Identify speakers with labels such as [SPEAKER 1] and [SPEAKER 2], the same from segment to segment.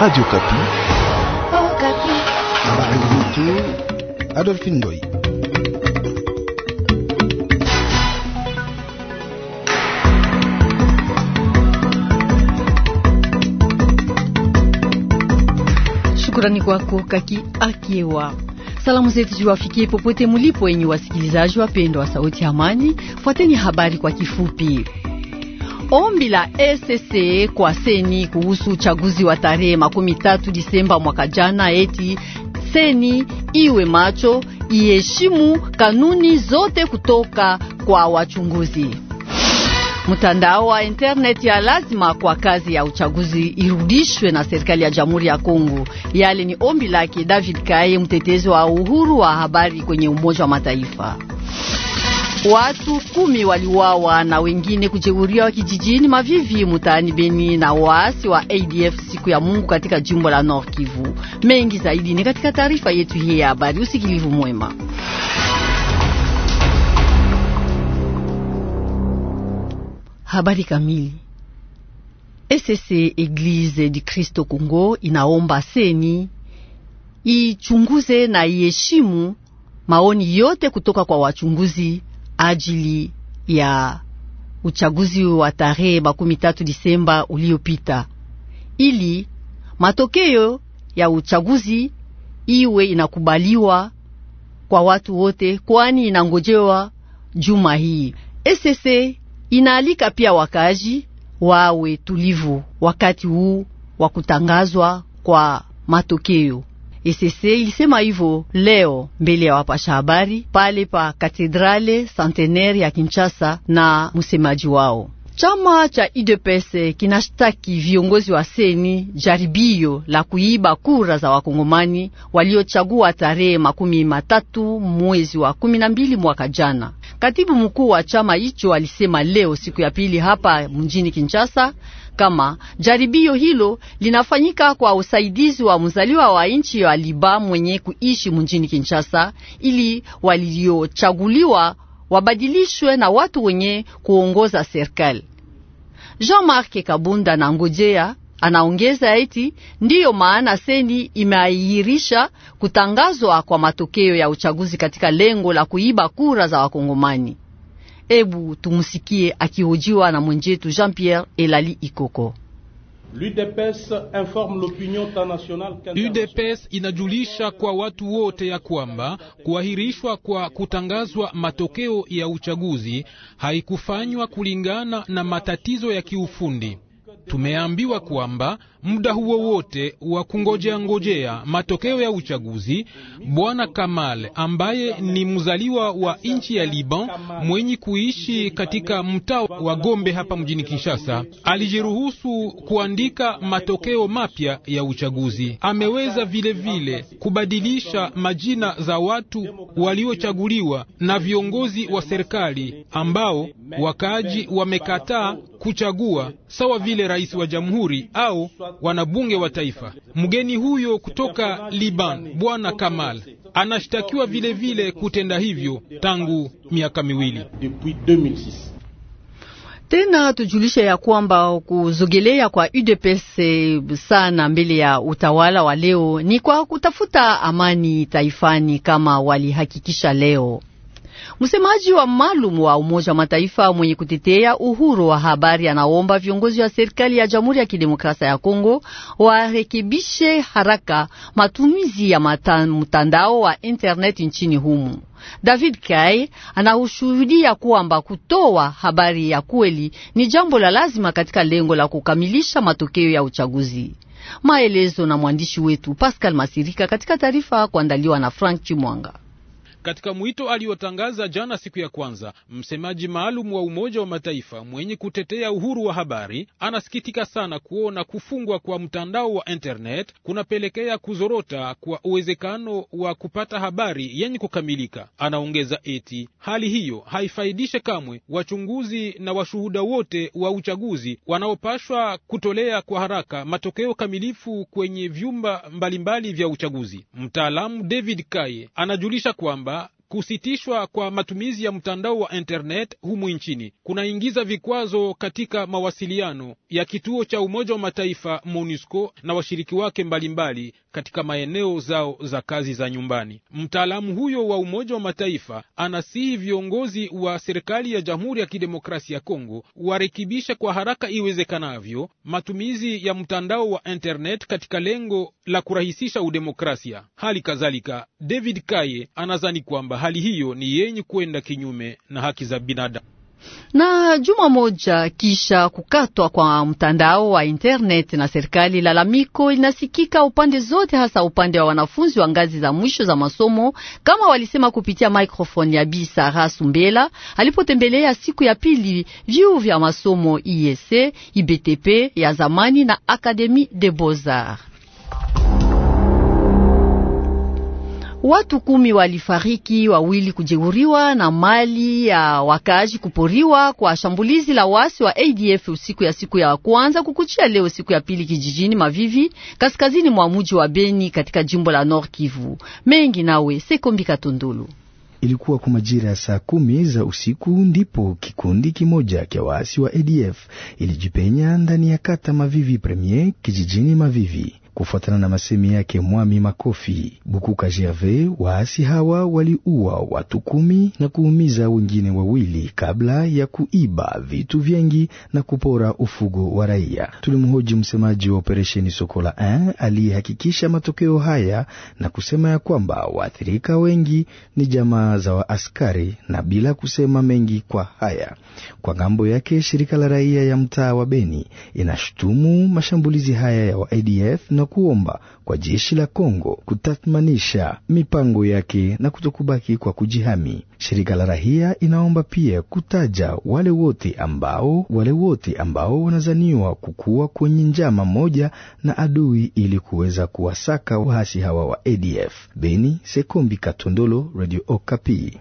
[SPEAKER 1] Radio Okapi. Oh, Kapi. Habari Adolphe Ndoi.
[SPEAKER 2] Shukrani kwako Kaki Akiewa. Salamu zetu ziwafikie popote mulipo, enyi wasikilizaji wapendwa wa Sauti ya Amani. Fuateni habari kwa kifupi. Ombi la ECC kwa seni kuhusu uchaguzi wa tarehe makumi tatu Disemba mwaka jana, eti seni iwe macho, iheshimu kanuni zote kutoka kwa wachunguzi. Mtandao wa interneti ya lazima kwa kazi ya uchaguzi irudishwe na serikali ya Jamhuri ya Kongo. Yale ni ombi lake David Kaye, mtetezi wa uhuru wa habari kwenye Umoja wa Mataifa. Watu kumi waliuawa na wengine kujeruhiwa kijijini Mavivi mtaani Beni na waasi wa ADF siku ya Mungu katika jimbo la North Kivu. Mengi zaidi ni katika taarifa yetu hii ya habari. Usikilivu mwema. Habari kamili. ECC Eglise di Kristo Kongo inaomba seni ichunguze na iheshimu maoni yote kutoka kwa wachunguzi ajili ya uchaguzi wa tarehe makumi tatu Disemba uliopita, ili matokeo ya uchaguzi iwe inakubaliwa kwa watu wote, kwani inangojewa juma hii. Esese inaalika pia wakaji wawe tulivu wakati huu wa kutangazwa kwa matokeo esese ilisema hivyo leo mbele ya wapasha habari pale pa Katedrale Centenaire ya Kinshasa na msemaji wao. Chama cha UDPS kinashtaki viongozi wa seni jaribio la kuiba kura za wakongomani waliochagua tarehe makumi matatu mwezi wa kumi na mbili mwaka jana. Katibu mkuu wa chama hicho alisema leo siku ya pili hapa mjini Kinshasa kama jaribio hilo linafanyika kwa usaidizi wa mzaliwa wa nchi ya Liba mwenye kuishi mjini Kinshasa ili waliochaguliwa wabadilishwe na watu wenye kuongoza serikali. Jean-Marc Kabunda na Ngojea Anaongeza eti ndiyo maana seni imeahirisha kutangazwa kwa matokeo ya uchaguzi katika lengo la kuiba kura za Wakongomani. Ebu tumsikie akihojiwa na mwenjetu Jean Pierre Elali Ikoko.
[SPEAKER 3] UDPS inajulisha kwa watu wote ya kwamba kuahirishwa kwa kutangazwa matokeo ya uchaguzi haikufanywa kulingana na matatizo ya kiufundi. Tumeambiwa kwamba muda huo wote wa kungojea ngojea matokeo ya uchaguzi, Bwana Kamal ambaye ni mzaliwa wa nchi ya Liban mwenye kuishi katika mtaa wa Gombe hapa mjini Kinshasa alijiruhusu kuandika matokeo mapya ya uchaguzi. Ameweza vilevile vile kubadilisha majina za watu waliochaguliwa na viongozi wa serikali ambao wakaaji wamekataa kuchagua sawa vile rais wa jamhuri au wanabunge wa taifa. Mgeni huyo kutoka Liban, Bwana Kamal, anashtakiwa vilevile kutenda hivyo tangu miaka miwili.
[SPEAKER 2] Tena tujulishe ya kwamba kuzogelea kwa UDPS sana mbele ya utawala wa leo ni kwa kutafuta amani taifani kama walihakikisha leo. Msemaji wa maalum wa Umoja wa Mataifa mwenye kutetea uhuru wa habari anaomba viongozi wa serikali ya Jamhuri ya Kidemokrasia ya Kongo warekebishe haraka matumizi ya mtandao wa internet nchini humu. David Kai anahushuhudia kwamba kutoa habari ya kweli ni jambo la lazima katika lengo la kukamilisha matokeo ya uchaguzi. Maelezo na mwandishi wetu Pascal Masirika katika taarifa kuandaliwa na Frank Chimwanga.
[SPEAKER 3] Katika mwito aliotangaza jana siku ya kwanza, msemaji maalum wa Umoja wa Mataifa mwenye kutetea uhuru wa habari anasikitika sana kuona kufungwa kwa mtandao wa internet kunapelekea kuzorota kwa uwezekano wa kupata habari yenye kukamilika. Anaongeza eti hali hiyo haifaidishe kamwe wachunguzi na washuhuda wote wa uchaguzi wanaopashwa kutolea kwa haraka matokeo kamilifu kwenye vyumba mbalimbali mbali vya uchaguzi. Mtaalamu David Kaye anajulisha kwamba Kusitishwa kwa matumizi ya mtandao wa internet humu nchini kunaingiza vikwazo katika mawasiliano ya kituo cha Umoja wa Mataifa MONUSCO na washiriki wake mbalimbali mbali katika maeneo zao za kazi za nyumbani. Mtaalamu huyo wa Umoja wa Mataifa anasihi viongozi wa serikali ya Jamhuri ya Kidemokrasia ya Kongo warekebisha kwa haraka iwezekanavyo matumizi ya mtandao wa internet katika lengo la kurahisisha udemokrasia. Hali kadhalika, David Kaye anazani kwamba hali hiyo ni yenye kwenda kinyume na haki za binadamu.
[SPEAKER 2] Na juma moja kisha kukatwa kwa mtandao wa internet na serikali, lalamiko linasikika upande zote, hasa upande wa wanafunzi wa ngazi za mwisho za masomo, kama walisema kupitia microphone ya Bi Sara Sumbela alipotembelea siku ya pili vyuo vya masomo IEC, IBTP ya zamani na Academie des Beaux-Arts. Watu kumi walifariki, wawili kujeruhiwa na mali ya wakazi kuporiwa kwa shambulizi la wasi wa ADF usiku ya siku ya kwanza kukuchia leo siku ya pili kijijini Mavivi kaskazini mwa mji wa Beni katika jimbo la Nord Kivu. Mengi nawe Sekombi Katundulu.
[SPEAKER 1] Ilikuwa kwa majira ya saa kumi za usiku ndipo kikundi kimoja kya waasi wa ADF ilijipenya ndani ya kata Mavivi Premier kijijini Mavivi kufuatana na masemi yake Mwami Makofi Bukuka Gerve. waasi hawa waliua watu kumi na kuumiza wengine wawili kabla ya kuiba vitu vyengi na kupora ufugo wa raia. Tulimhoji msemaji wa operesheni Sokola 1 aliyehakikisha matokeo haya na kusema ya kwamba waathirika wengi ni jamaa za waaskari na bila kusema mengi kwa haya. Kwa ngambo yake, shirika la raia ya mtaa wa Beni inashutumu mashambulizi haya ya wa ADF na na kuomba kwa jeshi la Kongo kutathmanisha mipango yake na kutokubaki kwa kujihami. Shirika la rahia inaomba pia kutaja wale wote ambao wale wote ambao wanazaniwa kukuwa kwenye njama moja na adui ili kuweza kuwasaka wahasi hawa wa ADF. Beni, Sekombi Katondolo, Radio Okapi.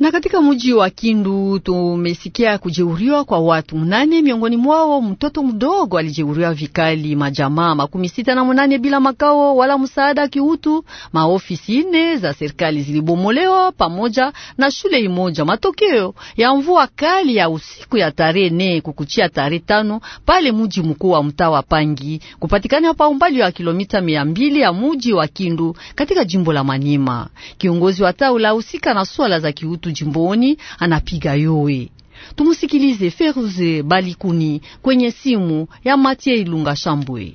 [SPEAKER 2] Na katika mji wa Kindu tumesikia kujeuriwa kwa watu mnane, miongoni mwao mtoto mdogo alijeuriwa vikali. Majamaa makumi sita na mnane bila makao wala msaada kiutu. Maofisi nne za serikali zilibomolewa pamoja na shule imoja. Matokeo ya mvua kali ya usiku ya tarehe nne kukuchia tarehe tano pale mji mkuu wa mtaa wa Pangi, kupatikana hapa umbali wa kilomita mia mbili ya mji wa Kindu katika jimbo la Manima. Kiongozi wa tawi la husika na swala za kiutu jimboni anapiga yowe. Tumusikilize Feruze Balikuni kwenye simu ya Matie Ilunga Shambwe.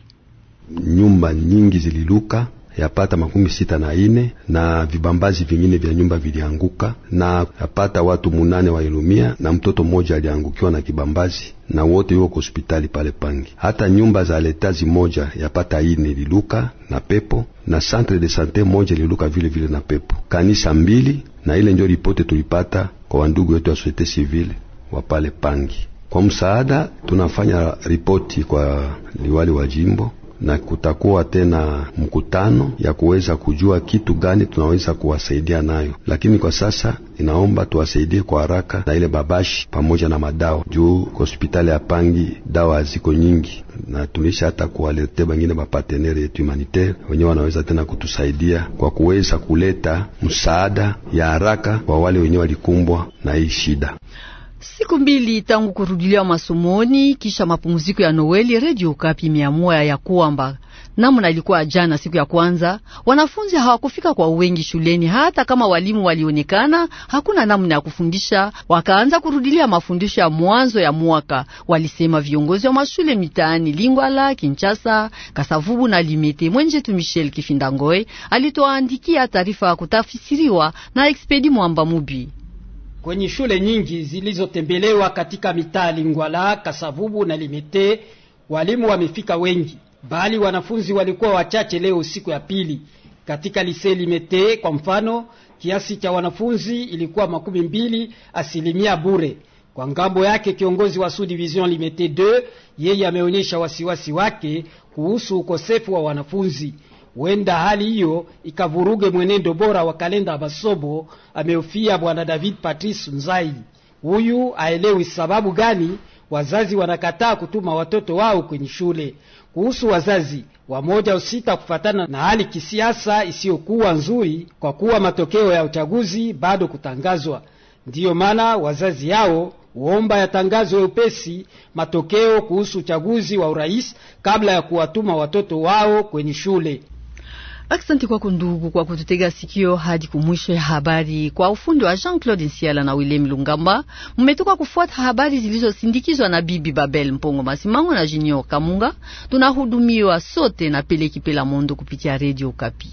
[SPEAKER 4] Nyumba nyingi zililuka yapata makumi sita na ine na vibambazi vingine vya nyumba vilianguka na yapata watu munane wailumia na mtoto mmoja aliangukiwa na kibambazi na wote yuko hospitali pale Pangi. Hata nyumba za letazi moja yapata ine liluka na pepo na centre de sante moja liluka vile vile na pepo, kanisa mbili, na ile ndio ripote tulipata kwa wandugu wetu wa societe civile wa pale Pangi. Kwa msaada tunafanya ripoti kwa liwali wa jimbo na kutakuwa tena mkutano ya kuweza kujua kitu gani tunaweza kuwasaidia nayo, lakini kwa sasa inaomba tuwasaidie kwa haraka na ile babashi pamoja na madawa, juu hospitali ya Pangi dawa haziko nyingi, na tumesha hata kuwaletea bengine bapartenere yetu humanitaire wenyewe wanaweza tena kutusaidia kwa kuweza kuleta msaada ya haraka kwa wale wenyewe walikumbwa na hii shida.
[SPEAKER 2] Siku mbili tangu kurudilia masomoni kisha mapumziko ya Noeli, Redio Kapi imeamua ya kwamba namna ilikuwa jana, siku ya kwanza, wanafunzi hawakufika kwa wengi shuleni. Hata kama walimu walionekana, hakuna namna ya kufundisha, wakaanza kurudilia mafundisho ya mwanzo ya mwaka, walisema viongozi wa mashule mitaani Lingwala, kinchasa Kasavubu na Limete. Mwenjetu Michel Kifindangoe alitoandikia taarifa ya kutafisiriwa na Expedi Mwamba Mubi
[SPEAKER 5] kwenye shule nyingi zilizotembelewa katika mitaa Lingwala, Kasavubu na Limete, walimu wamefika wengi, bali wanafunzi walikuwa wachache leo siku ya pili. Katika lise Limete kwa mfano, kiasi cha wanafunzi ilikuwa makumi mbili asilimia bure. Kwa ngambo yake, kiongozi wa Sudivision Limete 2 yeye ameonyesha wasiwasi wake kuhusu ukosefu wa wanafunzi. Huenda hali hiyo ikavuruge mwenendo bora wa kalenda masomo, ameofia bwana David Patrice Nzai. Huyu aelewi sababu gani wazazi wanakataa kutuma watoto wao kwenye shule. Kuhusu wazazi wamoja usita kufatana na hali kisiasa isiyokuwa nzuri, kwa kuwa matokeo ya uchaguzi bado kutangazwa, ndiyo maana wazazi yao huomba yatangazwe upesi matokeo kuhusu uchaguzi wa urais kabla ya kuwatuma
[SPEAKER 2] watoto wao kwenye shule. Aksanti kwako ndugu kwa kututega sikio hadi kumwisho ya habari. Kwa ufundi wa Jean-Claude Nsiala na William Lungamba, mmetoka kufuata habari zilizosindikizwa na Bibi Babel Mpongo Masimango na Junior Kamunga. Tunahudumiwa sote na Pele Kipela Mondo kupitia Radio Kapi.